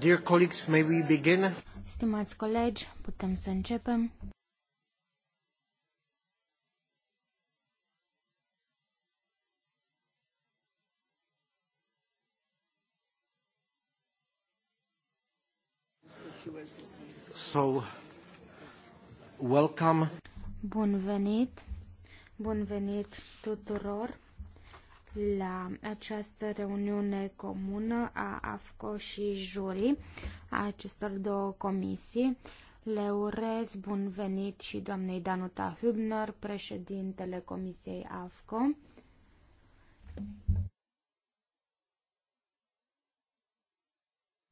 Dear colleagues, may we begin? Stimați colegi, putem să începem. So, welcome. Bun venit. Bun venit tuturor la această reuniune comună a AFCO și juri a acestor două comisii. Le urez bun venit și doamnei Danuta Hübner, președintele Comisiei AFCO.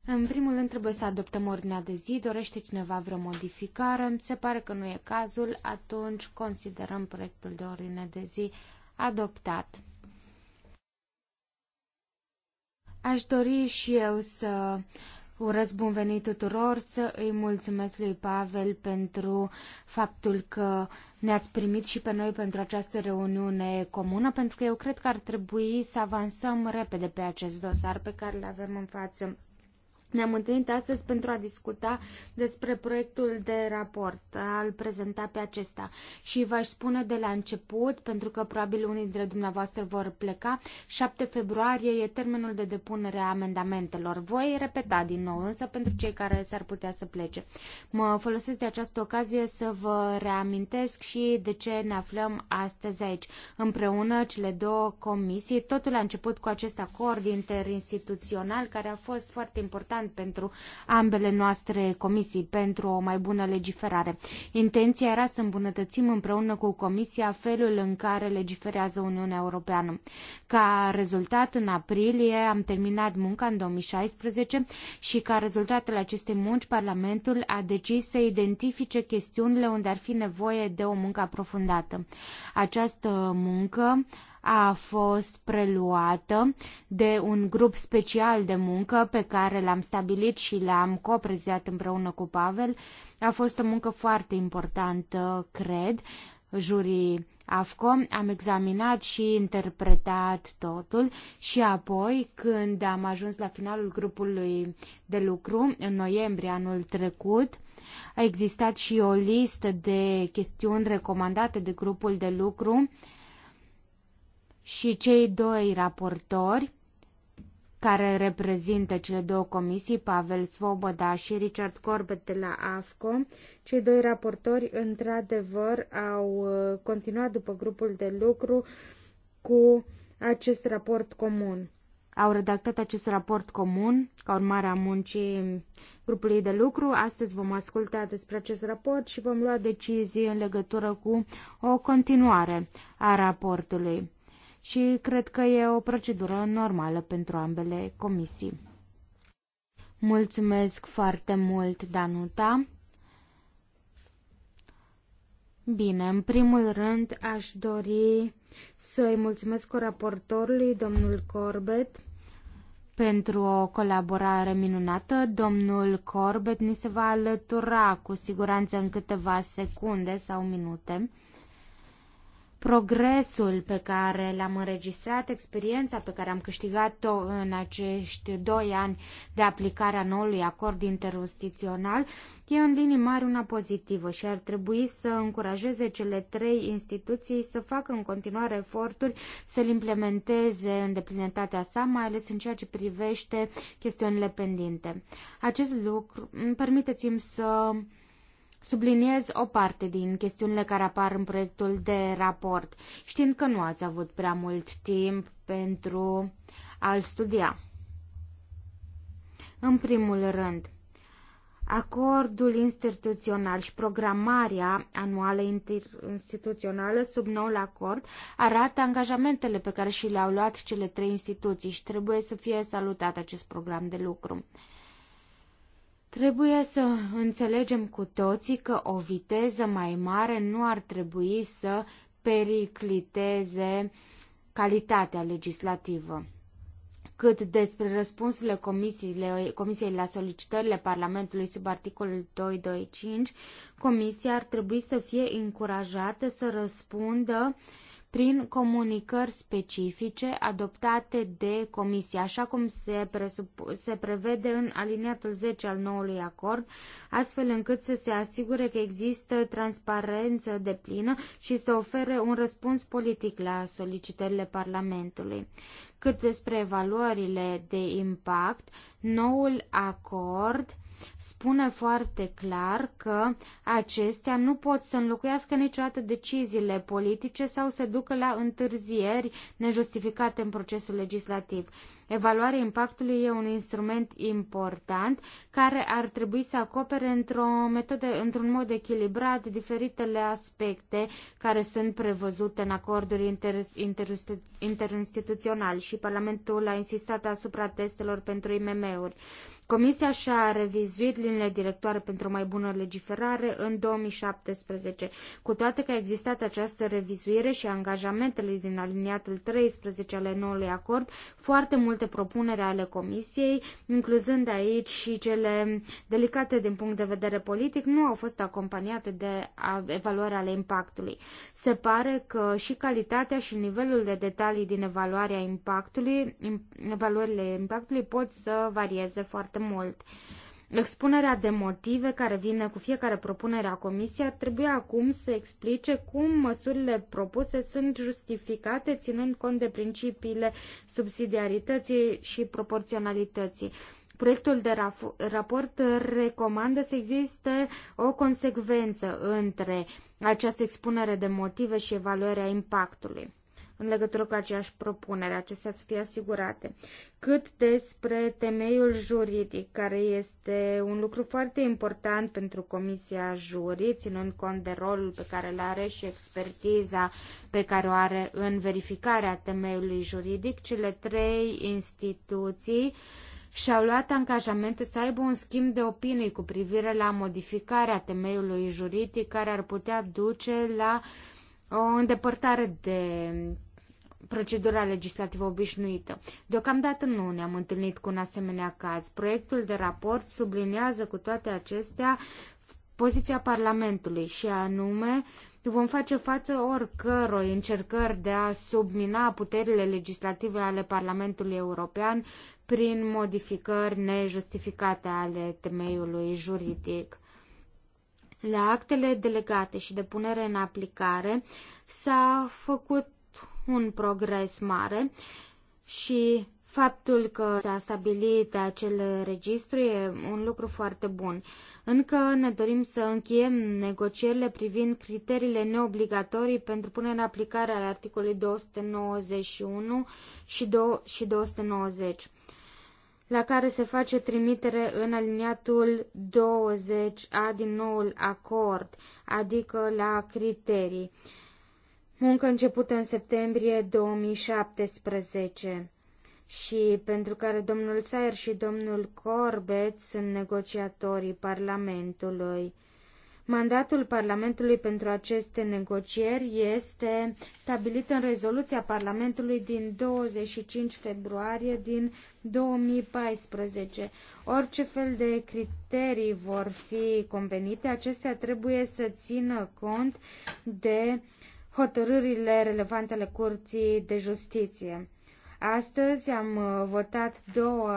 În primul rând trebuie să adoptăm ordinea de zi. Dorește cineva vreo modificare? Se pare că nu e cazul. Atunci considerăm proiectul de ordine de zi adoptat. Aș dori și eu să urez bun venit tuturor, să îi mulțumesc lui Pavel pentru faptul că ne-ați primit și pe noi pentru această reuniune comună, pentru că eu cred că ar trebui să avansăm repede pe acest dosar pe care îl avem în față ne-am întâlnit astăzi pentru a discuta despre proiectul de raport, al prezenta pe acesta. Și v-aș spune de la început, pentru că probabil unii dintre dumneavoastră vor pleca, 7 februarie e termenul de depunere a amendamentelor. Voi repeta din nou, însă pentru cei care s-ar putea să plece. Mă folosesc de această ocazie să vă reamintesc și de ce ne aflăm astăzi aici. Împreună, cele două comisii, totul a început cu acest acord interinstituțional care a fost foarte important important pentru ambele noastre comisii, pentru o mai bună legiferare. Intenția era să îmbunătățim împreună cu Comisia felul în care legiferează Uniunea Europeană. Ca rezultat, în aprilie am terminat munca în 2016 și ca rezultat al acestei munci, Parlamentul a decis să identifice chestiunile unde ar fi nevoie de o muncă aprofundată. Această muncă a fost preluată de un grup special de muncă pe care l-am stabilit și l-am coprezat împreună cu Pavel. A fost o muncă foarte importantă, cred. Jurii AFCO, am examinat și interpretat totul și apoi când am ajuns la finalul grupului de lucru în noiembrie anul trecut, a existat și o listă de chestiuni recomandate de grupul de lucru uh, și cei doi raportori care reprezintă cele două comisii, Pavel Svoboda și Richard Corbett de la AFCO. Cei doi raportori, într-adevăr, au uh, continuat după grupul de lucru cu acest raport comun. Au redactat acest raport comun ca urmare a muncii grupului de lucru. Astăzi vom asculta despre acest raport și vom lua decizii în legătură cu o continuare a raportului și cred că e o procedură normală pentru ambele comisii. Mulțumesc foarte mult, Danuta! Bine, în primul rând aș dori să-i mulțumesc raportorului, domnul Corbett, pentru o colaborare minunată. Domnul Corbett ni se va alătura cu siguranță în câteva secunde sau minute progresul pe care l-am înregistrat, experiența pe care am câștigat-o în acești doi ani de aplicare a noului acord interustițional, e în linii mari una pozitivă și ar trebui să încurajeze cele trei instituții să facă în continuare eforturi să-l implementeze în deplinătatea sa, mai ales în ceea ce privește chestiunile pendinte. Acest lucru, permiteți-mi să Subliniez o parte din chestiunile care apar în proiectul de raport, știind că nu ați avut prea mult timp pentru a-l studia. În primul rând, acordul instituțional și programarea anuală instituțională sub noul acord arată angajamentele pe care și le-au luat cele trei instituții și trebuie să fie salutat acest program de lucru. Trebuie să înțelegem cu toții că o viteză mai mare nu ar trebui să pericliteze calitatea legislativă. Cât despre răspunsurile Comisiei la solicitările Parlamentului sub articolul 225, Comisia ar trebui să fie încurajată să răspundă uh, prin comunicări specifice adoptate de Comisie, așa cum se, se prevede în aliniatul 10 al noului acord, astfel încât să se asigure că există transparență de plină și să ofere un răspuns politic la solicitările Parlamentului. Cât despre evaluările de impact, noul acord spune foarte clar că acestea nu pot să înlocuiască niciodată deciziile politice sau să ducă la întârzieri nejustificate în procesul legislativ. Evaluarea impactului e un instrument important care ar trebui să acopere într-o metodă, într-un mod echilibrat diferitele aspecte care sunt prevăzute în acorduri inter, inter, interinstituțional și Parlamentul a insistat asupra testelor pentru IMM-uri. Comisia și-a revizit revizuit linile directoare pentru o mai bună legiferare în 2017. Cu toate că a existat această revizuire și angajamentele din aliniatul 13 ale noului acord, foarte multe propuneri ale Comisiei, incluzând aici și cele delicate din punct de vedere politic, nu au fost acompaniate de evaluarea ale impactului. Se pare că și calitatea și nivelul de detalii din evaluarea impactului, evaluările impactului pot să varieze foarte mult. Expunerea de motive care vine cu fiecare propunere a Comisiei ar trebui acum să explice cum măsurile propuse sunt justificate ținând cont de principiile subsidiarității și proporționalității. Proiectul de raport recomandă să existe o consecvență între această expunere de motive și evaluarea impactului în legătură cu aceeași propunere, acestea să fie asigurate. Cât despre temeiul juridic, care este un lucru foarte important pentru Comisia Jurii, ținând cont de rolul pe care îl are și expertiza pe care o are în verificarea temeiului juridic, cele trei instituții și-au luat angajamente să aibă un schimb de opinii cu privire la modificarea temeiului juridic care ar putea duce la o îndepărtare de procedura legislativă obișnuită. Deocamdată nu ne-am întâlnit cu un asemenea caz. Proiectul de raport subliniază cu toate acestea poziția Parlamentului și anume vom face față oricăror încercări de a submina puterile legislative ale Parlamentului European prin modificări nejustificate ale temeiului juridic. La actele delegate și de punere în aplicare s-a făcut un progres mare și faptul că s-a stabilit acel registru e un lucru foarte bun. Încă ne dorim să încheiem negocierile privind criteriile neobligatorii pentru punerea în aplicare al articolului 291 și, și 290 la care se face trimitere în aliniatul 20A din noul acord, adică la criterii muncă începută în septembrie 2017 și pentru care domnul Sayer și domnul Corbett sunt negociatorii Parlamentului. Mandatul Parlamentului pentru aceste negocieri este stabilit în rezoluția Parlamentului din 25 februarie din 2014. Orice fel de criterii vor fi convenite, acestea trebuie să țină cont de uh, hotărârile relevante ale Curții de Justiție. Astăzi am uh, votat două,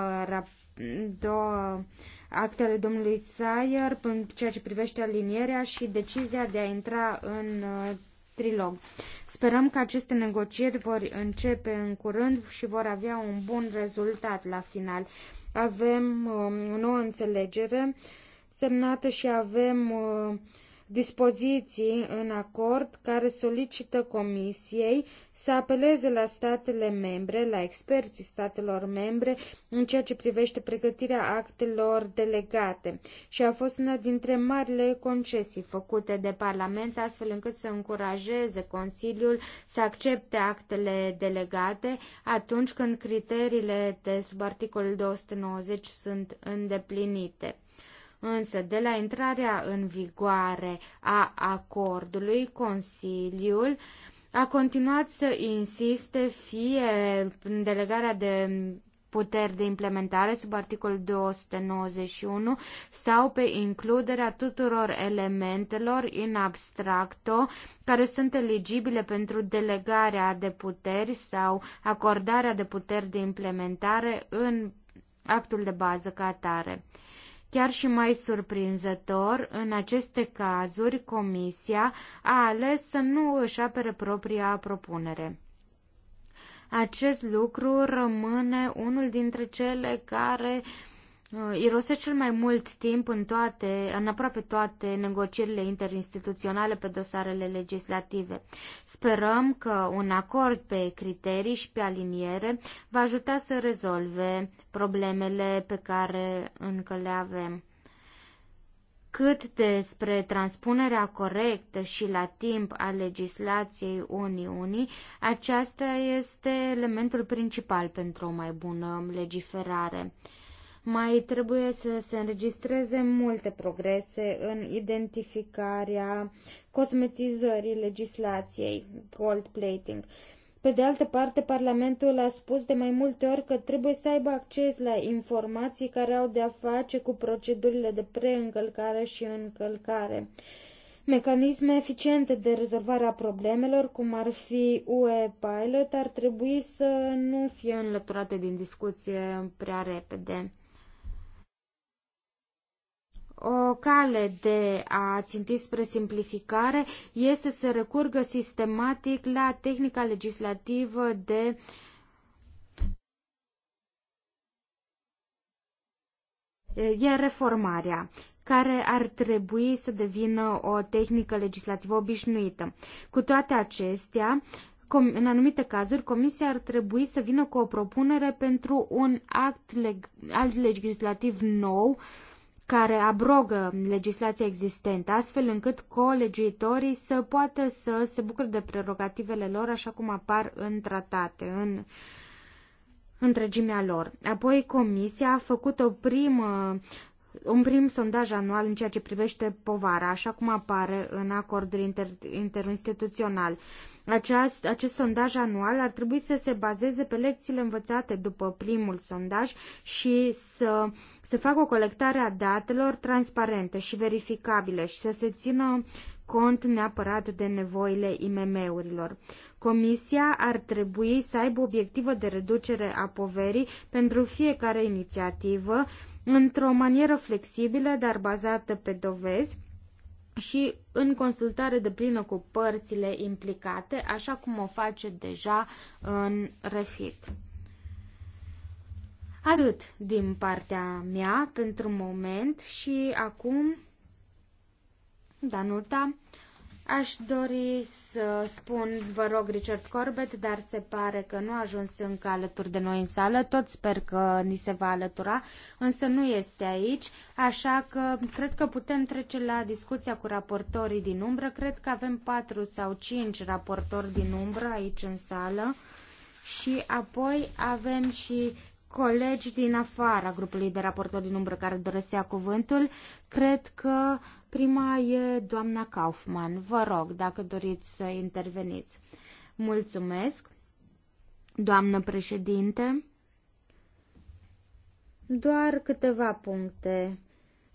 două actele domnului Sayer în ceea ce privește alinierea și decizia de a intra în uh, trilog. Sperăm că aceste negocieri vor începe în curând și vor avea un bun rezultat la final. Avem um, o nouă înțelegere semnată și avem uh, dispoziții în acord care solicită Comisiei să apeleze la statele membre, la experții statelor membre, în ceea ce privește pregătirea actelor delegate. Și a fost una dintre marile concesii făcute de Parlament, astfel încât să încurajeze Consiliul să accepte actele delegate atunci când criteriile de sub articolul 290 sunt îndeplinite. Însă, de la intrarea în vigoare a acordului, Consiliul a continuat să insiste fie în delegarea de puteri de implementare sub articolul 291 sau pe includerea tuturor elementelor în abstracto care sunt eligibile pentru delegarea de puteri sau acordarea de puteri de implementare în actul de bază ca atare. Chiar și mai surprinzător, în aceste cazuri, Comisia a ales să nu își apere propria propunere. Acest lucru rămâne unul dintre cele care uh, Uh, irosesc cel mai mult timp în, toate, în aproape toate negocierile interinstituționale pe dosarele legislative. Sperăm că un acord pe criterii și pe aliniere va ajuta să rezolve problemele pe care încă le avem. Cât despre transpunerea corectă și la timp a legislației Uniunii, aceasta este elementul principal pentru o mai bună legiferare. Mai trebuie să se înregistreze multe progrese în identificarea cosmetizării legislației, gold plating. Pe de altă parte, Parlamentul a spus de mai multe ori că trebuie să aibă acces la informații care au de-a face cu procedurile de preîncălcare și încălcare. Mecanisme eficiente de rezolvare a problemelor, cum ar fi UE Pilot, ar trebui să nu fie înlăturate din discuție prea repede. O cale de a ținti spre simplificare este să se recurgă sistematic la tehnica legislativă de e reformarea care ar trebui să devină o tehnică legislativă obișnuită. Cu toate acestea, în anumite cazuri, Comisia ar trebui să vină cu o propunere pentru un act, leg- alt legislativ nou uh, care abrogă legislația existentă, astfel încât colegiuitorii să poată să se bucure de prerogativele lor așa cum apar în tratate, în întregimea lor. Apoi Comisia a făcut o primă un prim sondaj anual în ceea ce privește povara, așa cum apare în acordul inter- interinstituțional. Acest, acest sondaj anual ar trebui să se bazeze pe lecțiile învățate după primul sondaj și să se facă o colectare a datelor transparente și verificabile și să se țină cont neapărat de nevoile IMM-urilor. Comisia ar trebui să aibă obiectivă de reducere a poverii pentru fiecare inițiativă într-o manieră flexibilă, dar bazată pe dovezi și în consultare de plină cu părțile implicate, așa cum o face deja în refit. Atât din partea mea pentru moment și acum Danuta Aș dori să spun, vă rog, Richard Corbett, dar se pare că nu a ajuns încă alături de noi în sală. Tot sper că ni se va alătura, însă nu este aici, așa că cred că putem trece la discuția cu raportorii din umbră. Cred că avem patru sau cinci raportori din umbră aici în sală și apoi avem și colegi din afara grupului de raportori din umbră care doresc să ia cuvântul. Cred că prima e doamna Kaufman. Vă rog, dacă doriți să interveniți. Mulțumesc, doamnă președinte. Doar câteva puncte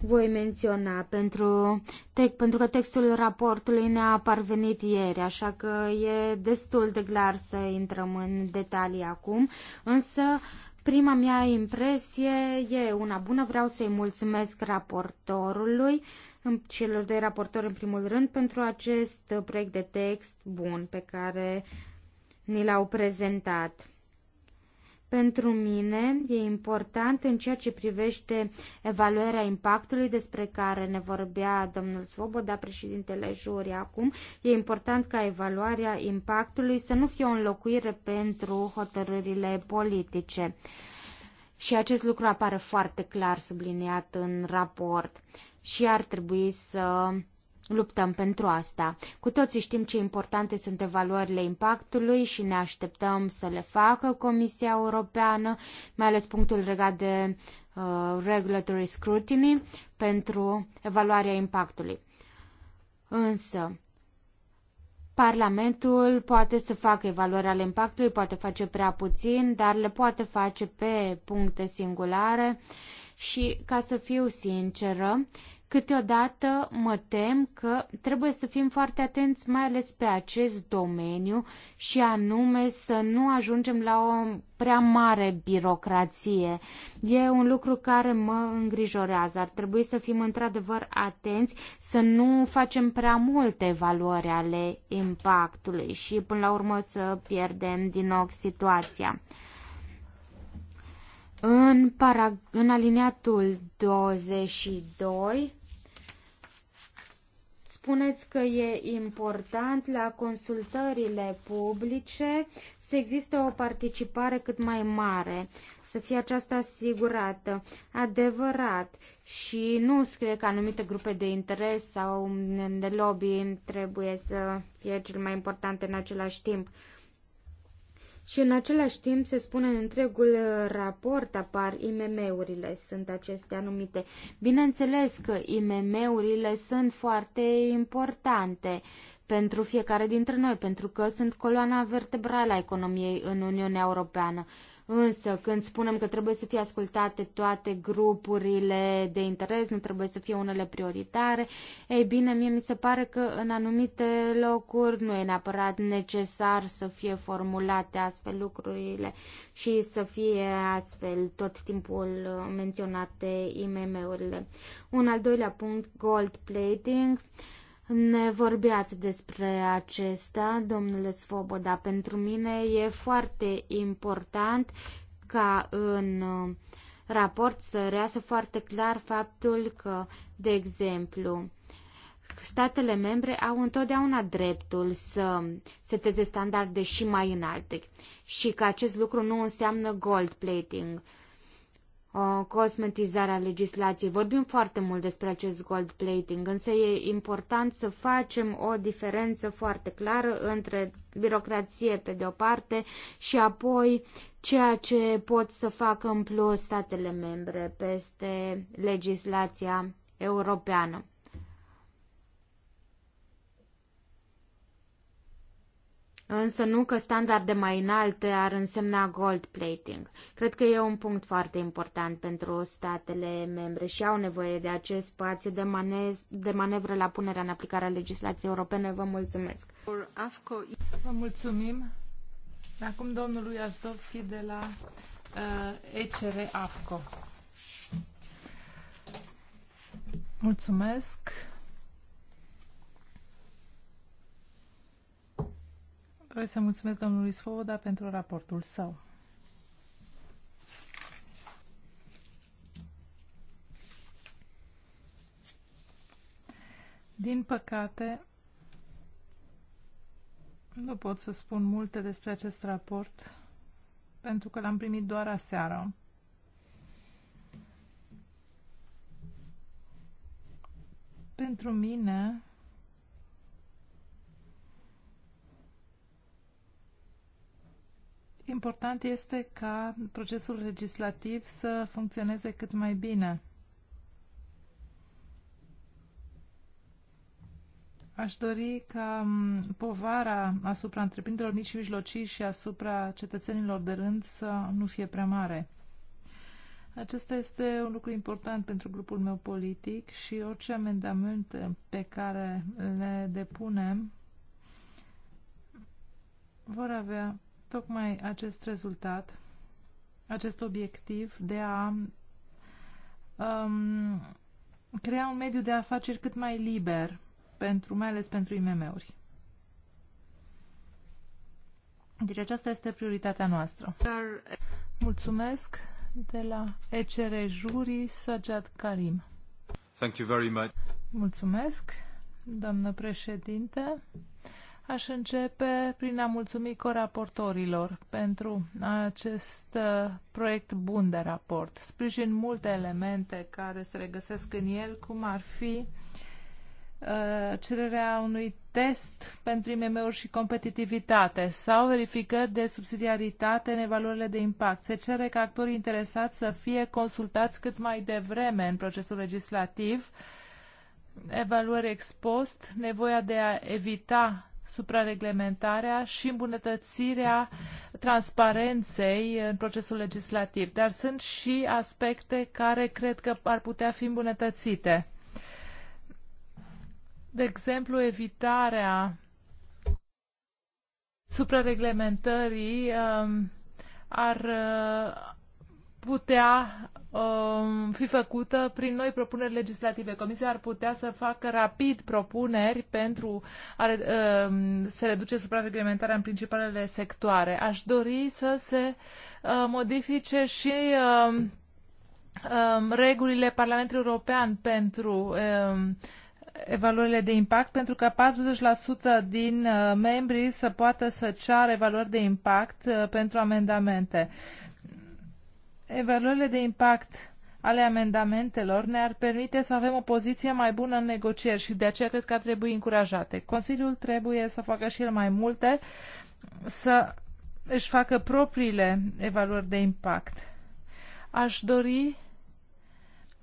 voi menționa, pentru, te, pentru că textul raportului ne-a parvenit ieri, așa că e destul de clar să intrăm în detalii acum, însă uh, Prima mea impresie e una bună, vreau să-i mulțumesc raportorului, celor doi raportori în primul rând, pentru acest proiect de text bun pe care ni l-au prezentat. Pentru mine e important în ceea ce privește evaluarea impactului despre care ne vorbea domnul Svoboda, președintele juri acum, e important ca evaluarea impactului să nu fie o înlocuire pentru hotărârile politice. Și acest lucru apare foarte clar subliniat în raport și ar trebui să Luptăm pentru asta. Cu toții știm ce importante sunt evaluările impactului și ne așteptăm să le facă Comisia Europeană, mai ales punctul legat de uh, regulatory scrutiny pentru evaluarea impactului. Însă, Parlamentul poate să facă evaluarea ale impactului, poate face prea puțin, dar le poate face pe puncte singulare și, ca să fiu sinceră, uh, Câteodată mă tem că trebuie să fim foarte atenți mai ales pe acest domeniu și anume să nu ajungem la o prea mare birocrație. E un lucru care mă îngrijorează. Ar trebui să fim într-adevăr atenți să nu facem prea multe valori ale impactului și până la urmă să pierdem din ochi situația. În, para, în aliniatul 22 Spuneți că e important la consultările publice să existe o participare cât mai mare, să fie aceasta asigurată, adevărat și nu scrie că anumite grupe de interes sau de lobby trebuie să fie cel mai important în același timp. Și în același timp se spune în întregul uh, raport apar IMM-urile, sunt acestea numite. Bineînțeles că IMM-urile sunt foarte importante pentru fiecare dintre noi, pentru că sunt coloana vertebrală a economiei în Uniunea Europeană. Însă, când spunem că trebuie să fie ascultate toate grupurile de interes, nu trebuie să fie unele prioritare, ei bine, mie mi se pare că în anumite locuri nu e neapărat necesar să fie formulate astfel lucrurile și să fie astfel tot timpul menționate IMM-urile. Un al doilea punct, gold plating. Uh, ne vorbeați despre acesta, domnule Svoboda. Pentru mine e foarte important ca în uh, raport să reasă foarte clar faptul că, de exemplu, statele membre au întotdeauna dreptul să seteze standarde și mai înalte și că acest lucru nu înseamnă gold plating. Uh, cosmetizarea legislației. Vorbim foarte mult despre acest gold plating, însă e important să facem o diferență foarte clară între birocrație pe de o parte și apoi ceea ce pot să facă în plus statele membre peste legislația europeană. însă nu că standarde mai înalte ar însemna gold plating. Cred că e un punct foarte important pentru statele membre și au nevoie de acest spațiu de, manez- de manevră la punerea în aplicare a legislației europene. Vă mulțumesc! Vă mulțumim! Acum domnului Astovski de la uh, ECR AFCO. Mulțumesc! Vreau să mulțumesc domnului Svoboda pentru raportul său. Din păcate, nu pot să spun multe despre acest raport, pentru că l-am primit doar aseară. Pentru mine, Important este ca procesul legislativ să funcționeze cât mai bine. Aș dori ca povara asupra întreprinderilor mici și mijlocii și asupra cetățenilor de rând să nu fie prea mare. Acesta este un lucru important pentru grupul meu politic și orice amendament pe care le depunem vor avea tocmai acest rezultat, acest obiectiv de a um, crea un mediu de afaceri cât mai liber, pentru, mai ales pentru IMM-uri. Deci aceasta este prioritatea noastră. Mulțumesc de la ECR Juri Sajad Karim. Thank you very much. Mulțumesc, doamnă președinte. Aș începe prin a mulțumi coraportorilor pentru acest uh, proiect bun de raport. Sprijin multe elemente care se regăsesc în el, cum ar fi uh, cererea unui test pentru IMM-uri și competitivitate sau verificări de subsidiaritate în evaluările de impact. Se cere ca actorii interesați să fie consultați cât mai devreme în procesul legislativ, evaluări expost, nevoia de a evita suprareglementarea și îmbunătățirea transparenței în procesul legislativ. Dar sunt și aspecte care cred că ar putea fi îmbunătățite. De exemplu, evitarea suprareglementării um, ar uh, putea um, fi făcută prin noi propuneri legislative. Comisia ar putea să facă rapid propuneri pentru a um, se reduce suprareglementarea în principalele sectoare. Aș dori să se uh, modifice și um, um, regulile Parlamentului European pentru um, evaluările de impact pentru că 40% din uh, membrii să poată să ceară evaluări de impact uh, pentru amendamente evaluările de impact ale amendamentelor ne-ar permite să avem o poziție mai bună în negocieri și de aceea cred că ar trebui încurajate. Consiliul trebuie să facă și el mai multe, să își facă propriile evaluări de impact. Aș dori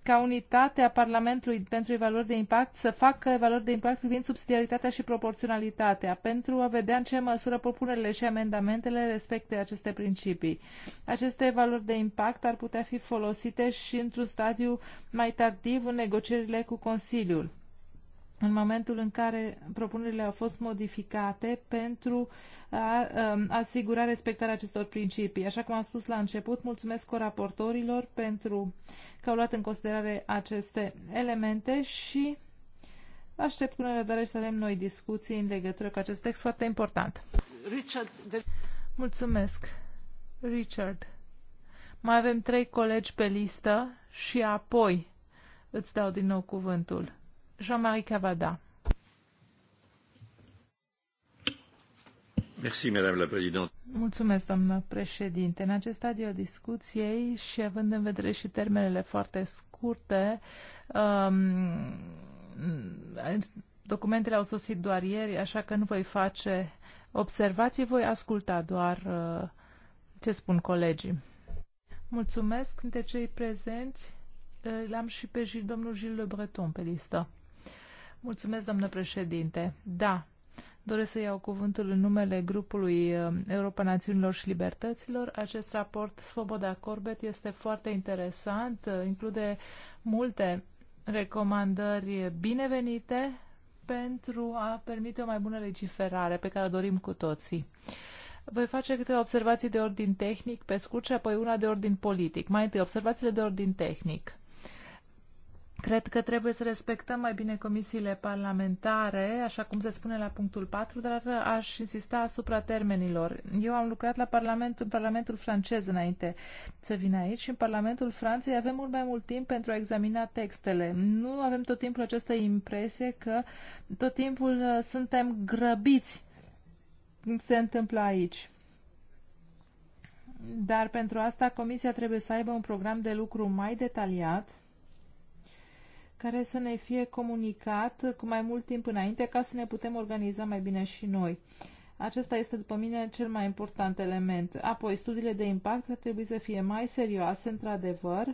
ca unitate a Parlamentului pentru evaluări de impact să facă evaluări de impact privind subsidiaritatea și proporționalitatea, pentru a vedea în ce măsură propunerile și amendamentele respecte aceste principii. Aceste evaluări de impact ar putea fi folosite și într-un stadiu mai tardiv în negocierile cu Consiliul în momentul în care propunerile au fost modificate pentru a, um, asigura respectarea acestor principii. Așa cum am spus la început, mulțumesc coraportorilor pentru că au luat în considerare aceste elemente și aștept cu nerăbdare să avem noi discuții în legătură cu acest text foarte important. Richard, de... Mulțumesc, Richard. Mai avem trei colegi pe listă și apoi îți dau din nou cuvântul. Jean-Marie Cavada. Merci, Madame la Présidente. Mulțumesc, doamnă președinte. În acest stadiu a discuției și având în vedere și termenele foarte scurte, um, documentele au sosit doar ieri, așa că nu voi face observații, voi asculta doar uh, ce spun colegii. Mulțumesc între cei prezenți. Uh, l-am și pe domnul Gilles Le Breton pe listă. Mulțumesc, doamnă președinte. Da, doresc să iau cuvântul în numele grupului um, Europa Națiunilor și Libertăților. Acest raport Svoboda Corbet este foarte interesant, uh, include multe recomandări binevenite pentru a permite o mai bună legiferare pe care o dorim cu toții. Voi face câteva observații de ordin tehnic pe scurt și apoi una de ordin politic. Mai întâi, observațiile de ordin tehnic. Cred că trebuie să respectăm mai bine comisiile parlamentare, așa cum se spune la punctul 4, dar aș insista asupra termenilor. Eu am lucrat la Parlamentul, în Parlamentul francez înainte să vin aici și în Parlamentul Franței avem mult mai mult timp pentru a examina textele. Nu avem tot timpul această impresie că tot timpul uh, suntem grăbiți cum se întâmplă aici. Dar pentru asta Comisia trebuie să aibă un program de lucru mai detaliat care să ne fie comunicat cu mai mult timp înainte ca să ne putem organiza mai bine și noi. Acesta este, după mine, cel mai important element. Apoi, studiile de impact ar trebui să fie mai serioase, într-adevăr.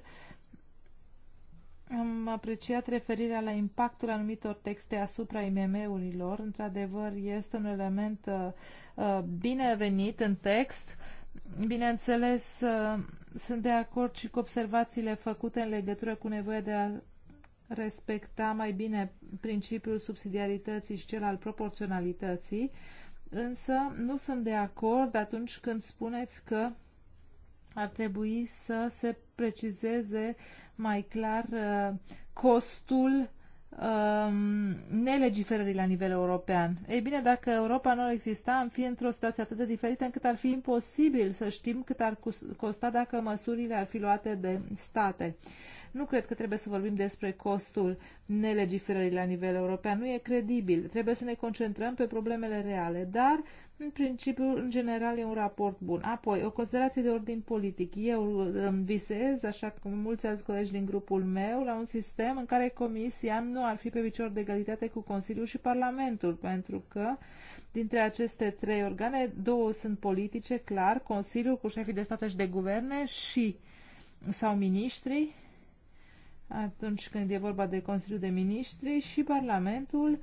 Am apreciat referirea la impactul anumitor texte asupra IMM-urilor. Într-adevăr, este un element uh, uh, binevenit în text. Bineînțeles, uh, sunt de acord și cu observațiile făcute în legătură cu nevoia de a respecta mai bine principiul subsidiarității și cel al proporționalității, însă nu sunt de acord atunci când spuneți că ar trebui să se precizeze mai clar uh, costul Um, nelegiferării la nivel european. Ei bine, dacă Europa nu exista, am fi într-o situație atât de diferită încât ar fi imposibil să știm cât ar costa dacă măsurile ar fi luate de state. Nu cred că trebuie să vorbim despre costul nelegiferării la nivel european. Nu e credibil. Trebuie să ne concentrăm pe problemele reale, dar în principiu, în general, e un raport bun. Apoi, o considerație de ordin politic. Eu îmi visez, așa cum mulți alți colegi din grupul meu, la un sistem în care Comisia nu ar fi pe picior de egalitate cu Consiliul și Parlamentul, pentru că dintre aceste trei organe, două sunt politice, clar, Consiliul cu șefii de state și de guverne și sau miniștri, atunci când e vorba de Consiliul de Miniștri și Parlamentul, uh,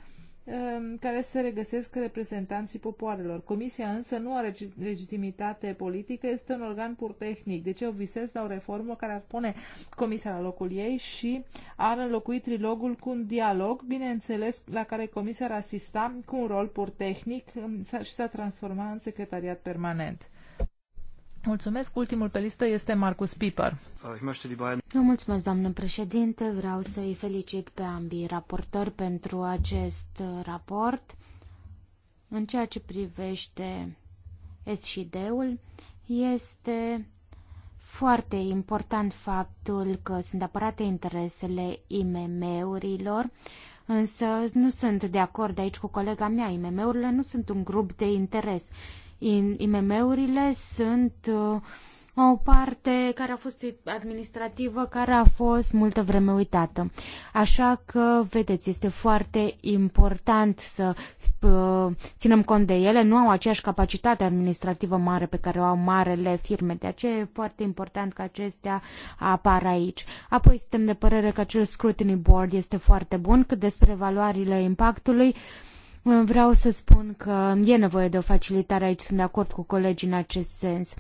Um, care se regăsesc reprezentanții popoarelor. Comisia însă nu are legitimitate politică, este un organ pur tehnic. Deci ce visez la o reformă care ar pune Comisia la locul ei și ar înlocui trilogul cu un dialog, bineînțeles, la care Comisia ar asista cu un rol pur tehnic um, și s-a transformat în secretariat permanent. Mulțumesc. Ultimul pe listă este Marcus Piper. Eu mulțumesc, doamnă președinte. Vreau să-i felicit pe ambii raportori pentru acest raport. În ceea ce privește S și D-ul, este foarte important faptul că sunt apărate interesele IMM-urilor, însă nu sunt de acord aici cu colega mea. IMM-urile nu sunt un grup de interes IMM-urile sunt uh, o parte care a fost administrativă, care a fost multă vreme uitată. Așa că, vedeți, este foarte important să uh, ținem cont de ele. Nu au aceeași capacitate administrativă mare pe care o au marele firme. De aceea e foarte important că acestea apar aici. Apoi suntem de părere că acel scrutiny board este foarte bun, cât despre valoarile impactului. Vreau să spun că e nevoie de o facilitare aici, sunt de acord cu colegii în acest sens.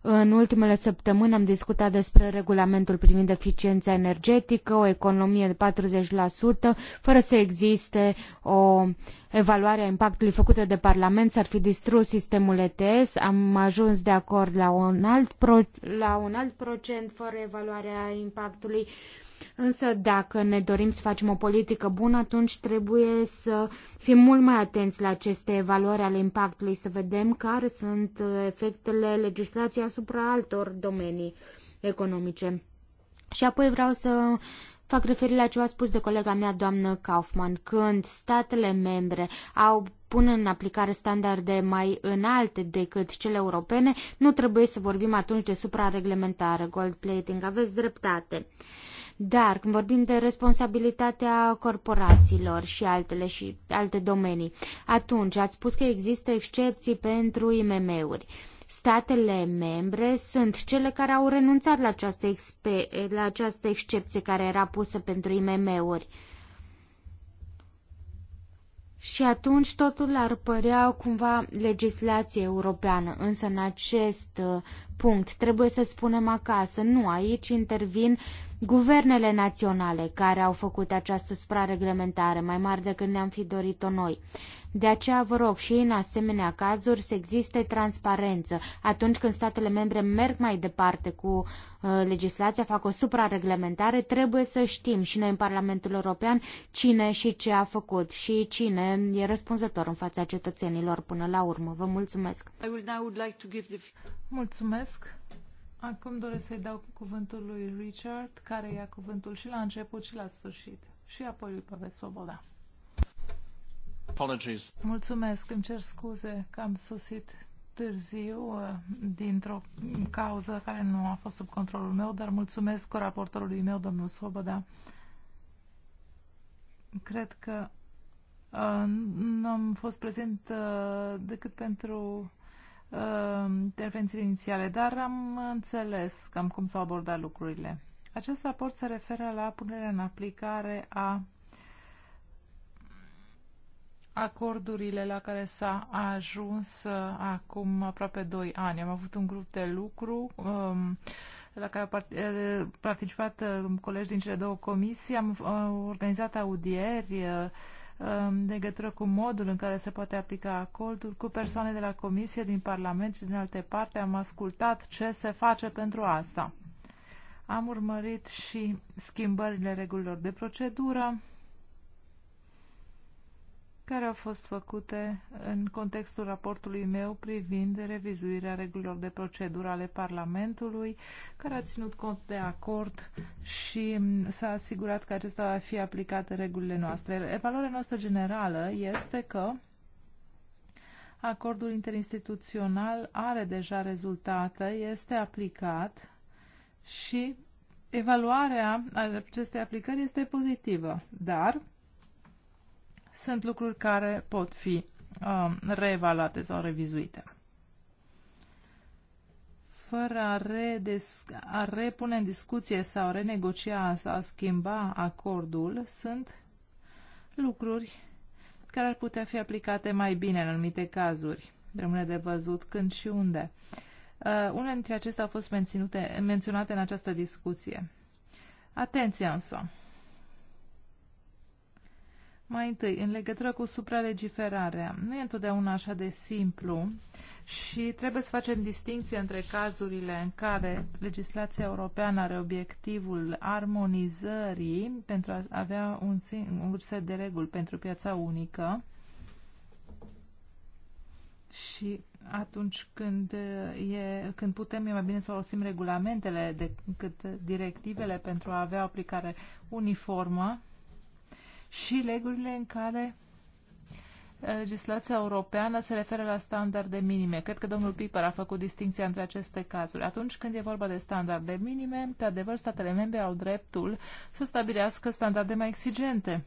În ultimele săptămâni am discutat despre regulamentul privind eficiența energetică, o economie de 40%, fără să existe o evaluare a impactului făcută de Parlament, s-ar fi distrus sistemul ETS, am ajuns de acord la un alt, pro, la un alt procent fără evaluarea impactului. Uh, Însă dacă ne dorim să facem o politică bună, atunci trebuie să fim mult mai atenți la aceste evaluări ale impactului, să vedem care sunt efectele legislației asupra altor domenii economice. Și apoi vreau să fac referire la ce a spus de colega mea, doamnă Kaufman, când statele membre au pun în aplicare standarde mai înalte decât cele europene, nu trebuie să vorbim atunci de suprareglementare, gold plating, aveți dreptate. Uh, dar când vorbim de responsabilitatea corporațiilor și altele și alte domenii, atunci ați spus că există excepții pentru IMM-uri statele membre sunt cele care au renunțat la această, expe- la această excepție care era pusă pentru IMM-uri. Și atunci totul ar părea cumva legislație europeană, însă în acest punct, trebuie să spunem acasă. Nu, aici intervin guvernele naționale care au făcut această suprareglementare mai mare decât ne-am fi dorit-o noi. De aceea vă rog și în asemenea cazuri să existe transparență. Atunci când statele membre merg mai departe cu uh, legislația, fac o suprareglementare, trebuie să știm și noi în Parlamentul European cine și ce a făcut și cine e răspunzător în fața cetățenilor până la urmă. Vă mulțumesc! Mulțumesc! Acum doresc să-i dau cuvântul lui Richard, care ia cuvântul și la început și la sfârșit. Și apoi lui Pavel Svoboda. Apologies. Mulțumesc, îmi cer scuze că am sosit târziu uh, dintr-o cauză care nu a fost sub controlul meu, dar mulțumesc raportorului meu, domnul Svoboda. Cred că uh, nu am fost prezent uh, decât pentru uh, intervențiile inițiale, dar am înțeles cam cum s-au abordat lucrurile. Acest raport se referă la punerea în aplicare a acordurile la care s-a ajuns uh, acum aproape 2 ani. Am avut un grup de lucru um, la care au eh, participat um, colegi din cele două comisii. Am uh, organizat audieri uh, în legătură cu modul în care se poate aplica acordul cu persoane de la Comisie, din Parlament și din alte parte. Am ascultat ce se face pentru asta. Am urmărit și schimbările regulilor de procedură care au fost făcute în contextul raportului meu privind revizuirea regulilor de procedură ale Parlamentului, care a ținut cont de acord și s-a asigurat că acesta va fi aplicat regulile noastre. Evaluarea noastră generală este că acordul interinstituțional are deja rezultate, este aplicat și evaluarea acestei aplicări este pozitivă, dar sunt lucruri care pot fi um, reevaluate sau revizuite. Fără a, redes- a repune în discuție sau renegocia sau a schimba acordul, sunt lucruri care ar putea fi aplicate mai bine în anumite cazuri. Rămâne de văzut când și unde. Uh, unele dintre acestea au fost menționate în această discuție. Atenție însă! Mai întâi, în legătură cu supralegiferarea, nu e întotdeauna așa de simplu și trebuie să facem distinție între cazurile în care legislația europeană are obiectivul armonizării pentru a avea un singur set de reguli pentru piața unică și atunci când, e, când putem, e mai bine să folosim regulamentele decât directivele pentru a avea o aplicare uniformă și legurile în care uh, legislația europeană se referă la standarde minime. Cred că domnul Piper a făcut distinția între aceste cazuri. Atunci când e vorba de standarde minime, de adevăr statele membre au dreptul să stabilească standarde mai exigente.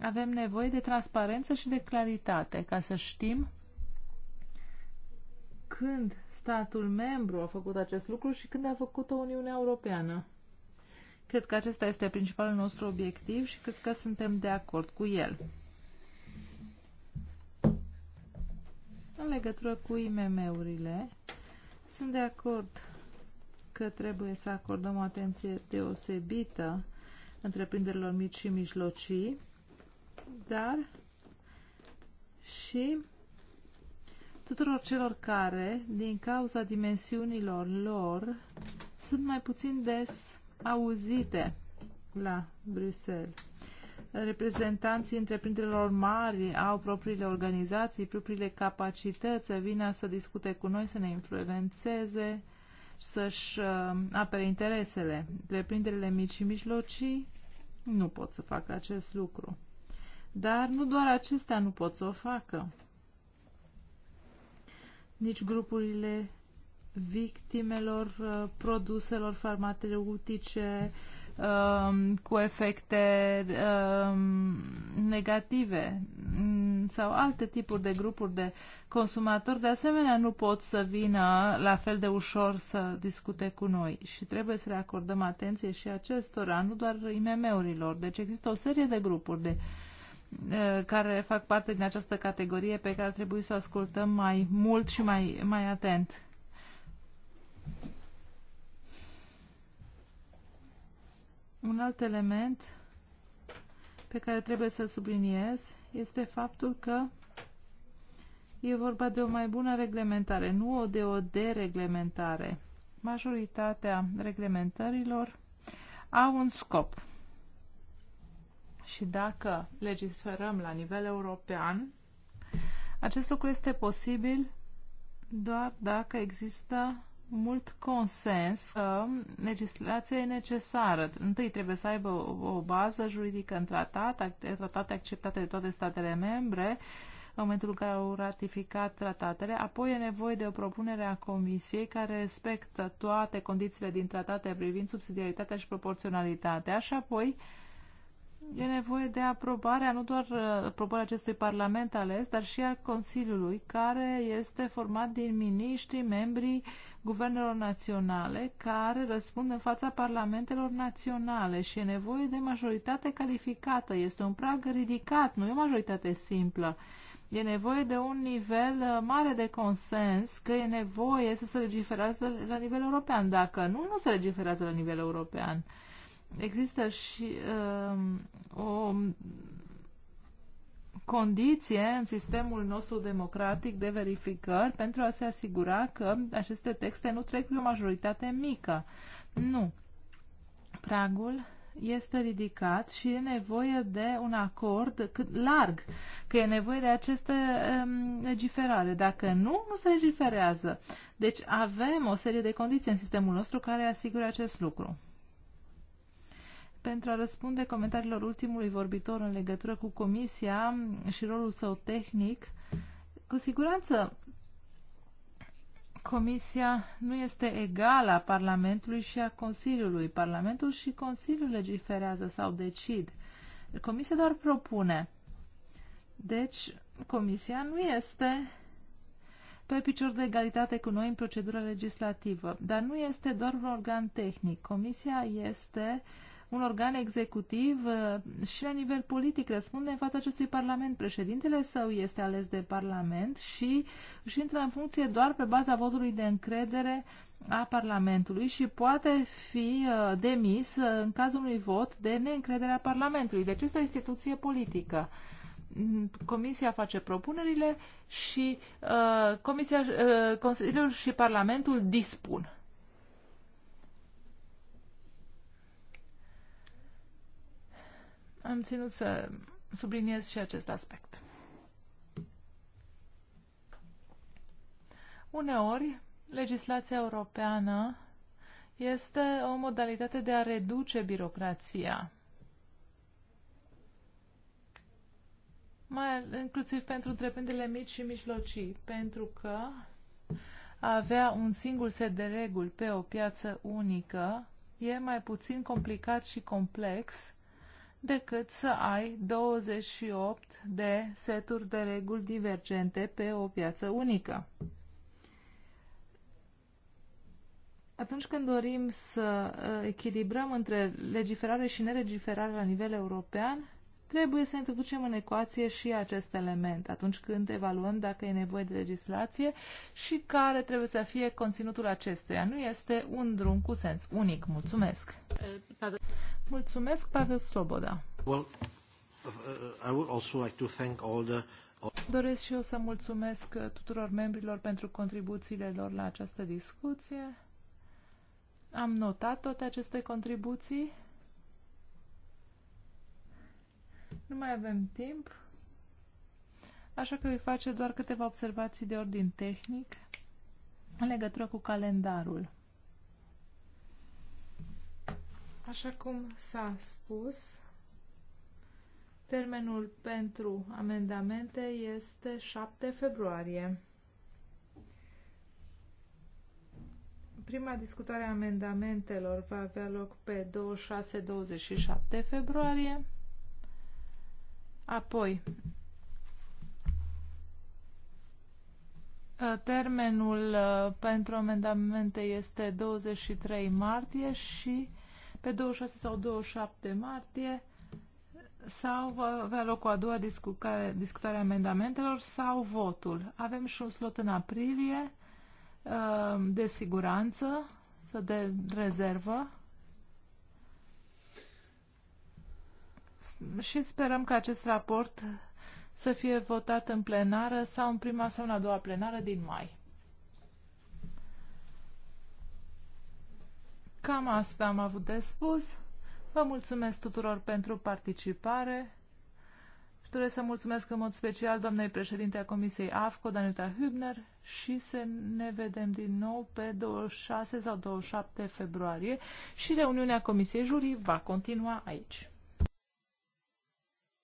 Avem nevoie de transparență și de claritate ca să știm când statul membru a făcut acest lucru și când a făcut-o Uniunea Europeană. Cred că acesta este principalul nostru obiectiv și cred că suntem de acord cu el. În legătură cu IMM-urile, sunt de acord că trebuie să acordăm o atenție deosebită întreprinderilor mici și mijlocii, dar și tuturor celor care, din cauza dimensiunilor lor, sunt mai puțin des auzite la Bruxelles. Reprezentanții întreprinderilor mari au propriile organizații, propriile capacități, vine să discute cu noi, să ne influențeze, să-și uh, apere interesele. Întreprinderile mici și mijlocii nu pot să facă acest lucru. Dar nu doar acestea nu pot să o facă. Nici grupurile victimelor uh, produselor farmaceutice um, cu efecte um, negative mm, sau alte tipuri de grupuri de consumatori, de asemenea nu pot să vină la fel de ușor să discute cu noi și trebuie să le acordăm atenție și acestora, nu doar IMM-urilor. Deci există o serie de grupuri de uh, care fac parte din această categorie pe care ar trebui să o ascultăm mai mult și mai, mai atent. Un alt element pe care trebuie să-l subliniez este faptul că e vorba de o mai bună reglementare, nu de o dereglementare. Majoritatea reglementărilor au un scop. Și dacă legisferăm la nivel european, acest lucru este posibil doar dacă există mult consens că legislația e necesară. Întâi trebuie să aibă o, o bază juridică în tratat, tratate acceptate de toate statele membre, în momentul în care au ratificat tratatele, apoi e nevoie de o propunere a Comisiei care respectă toate condițiile din tratate privind subsidiaritatea și proporționalitatea și apoi uh, E nevoie de aprobarea, nu doar uh, aprobarea acestui Parlament ales, dar și al Consiliului, care este format din miniștri, membrii guvernelor naționale, care răspund în fața parlamentelor naționale și e nevoie de majoritate calificată. Este un prag ridicat, nu e o majoritate simplă. E nevoie de un nivel uh, mare de consens că e nevoie să se legiferează la nivel european. Dacă nu, nu se legiferează la nivel european. Există și uh, o condiție în sistemul nostru democratic de verificări pentru a se asigura că aceste texte nu trec pe o majoritate mică. Nu. Pragul este ridicat și e nevoie de un acord cât larg, că e nevoie de aceste um, legiferare. Dacă nu, nu se legiferează. Deci avem o serie de condiții în sistemul nostru care asigură acest lucru. Pentru a răspunde comentariilor ultimului vorbitor în legătură cu comisia și rolul său tehnic, cu siguranță Comisia nu este egală a Parlamentului și a Consiliului. Parlamentul și Consiliul legiferează sau decid. Comisia doar propune. Deci, Comisia nu este pe picior de egalitate cu noi în procedura legislativă, dar nu este doar un organ tehnic. Comisia este uh, un organ executiv uh, și la nivel politic răspunde în fața acestui Parlament. Președintele său este ales de Parlament și își intră în funcție doar pe baza votului de încredere a Parlamentului și poate fi uh, demis uh, în cazul unui vot de neîncredere a Parlamentului. Deci este o instituție politică. Mm, Comisia face propunerile și uh, Comisia, uh, Consiliul și Parlamentul dispun. am ținut să subliniez și acest aspect. Uneori, legislația europeană este o modalitate de a reduce birocrația, mai inclusiv pentru întreprinderile mici și mijlocii, pentru că a avea un singur set de reguli pe o piață unică e mai puțin complicat și complex decât să ai 28 de seturi de reguli divergente pe o piață unică. Atunci când dorim să uh, echilibrăm între legiferare și nelegiferare la nivel european, trebuie să introducem în ecuație și acest element atunci când evaluăm dacă e nevoie de legislație și care trebuie să fie conținutul acestuia. Nu este un drum cu sens unic. Mulțumesc! Mulțumesc, Pavel Sloboda! Well, uh, I would also like to thank all the Doresc și eu să mulțumesc tuturor membrilor pentru contribuțiile lor la această discuție. Am notat toate aceste contribuții Nu mai avem timp, așa că voi face doar câteva observații de ordin tehnic în legătură cu calendarul. Așa cum s-a spus, termenul pentru amendamente este 7 februarie. Prima discutare a amendamentelor va avea loc pe 26-27 februarie Apoi, uh, termenul uh, pentru amendamente este 23 martie și pe 26 sau 27 martie sau va avea loc o a doua discutare, discutare amendamentelor sau votul. Avem și un slot în aprilie uh, de siguranță, de rezervă, și sperăm că acest raport să fie votat în plenară sau în prima sau în a doua plenară din mai. Cam asta am avut de spus. Vă mulțumesc tuturor pentru participare. Și doresc să mulțumesc în mod special doamnei președinte a Comisiei AFCO, Danuta Hübner, și să ne vedem din nou pe 26 sau 27 februarie și reuniunea Comisiei Jurii va continua aici.